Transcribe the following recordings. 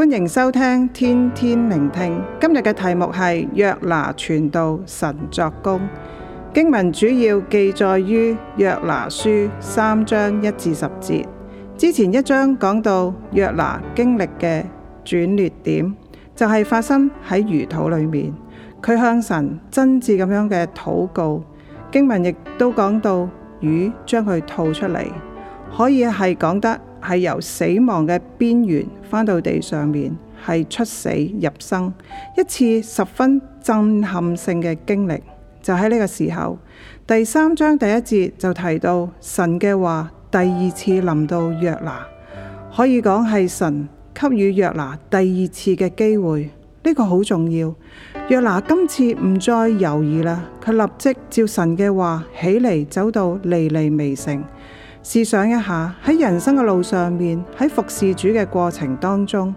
歡迎收聽天天靈聽，今日嘅題目係約拿傳道神作工。經文主要記載於約拿書三章一至十節。之前一章講到約拿經歷嘅轉捩點，就係發生喺魚肚裏面，佢向神真摯咁樣嘅禱告。經文亦都講到魚將佢吐出嚟。可以係講得係由死亡嘅邊緣返到地上面，係出死入生，一次十分震撼性嘅經歷。就喺呢個時候，第三章第一節就提到神嘅話，第二次臨到約拿，可以講係神給予約拿第二次嘅機會。呢個好重要。約拿今次唔再猶豫啦，佢立即照神嘅話起嚟，走到尼尼微城。試想一下，喺人生嘅路上面，喺服侍主嘅過程當中，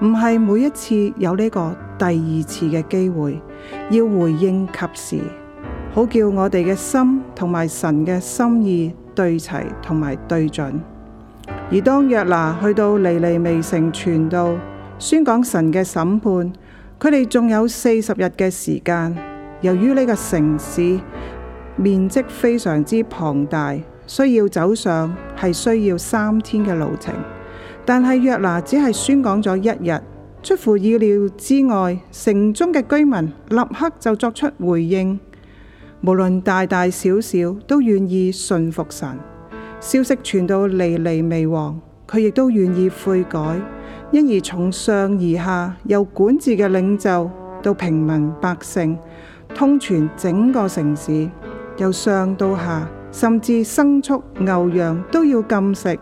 唔係每一次有呢個第二次嘅機會，要回應及時，好叫我哋嘅心同埋神嘅心意對齊同埋對準。而當約拿去到尼尼微城傳道，宣講神嘅審判，佢哋仲有四十日嘅時間。由於呢個城市面積非常之龐大。需要走上係需要三天嘅路程，但係約拿只係宣講咗一日，出乎意料之外，城中嘅居民立刻就作出回應，無論大大小小都願意信服神。消息傳到尼尼微王，佢亦都願意悔改，因而從上而下，由管治嘅領袖到平民百姓，通傳整個城市，由上到下。甚至牲畜牛羊都要禁食。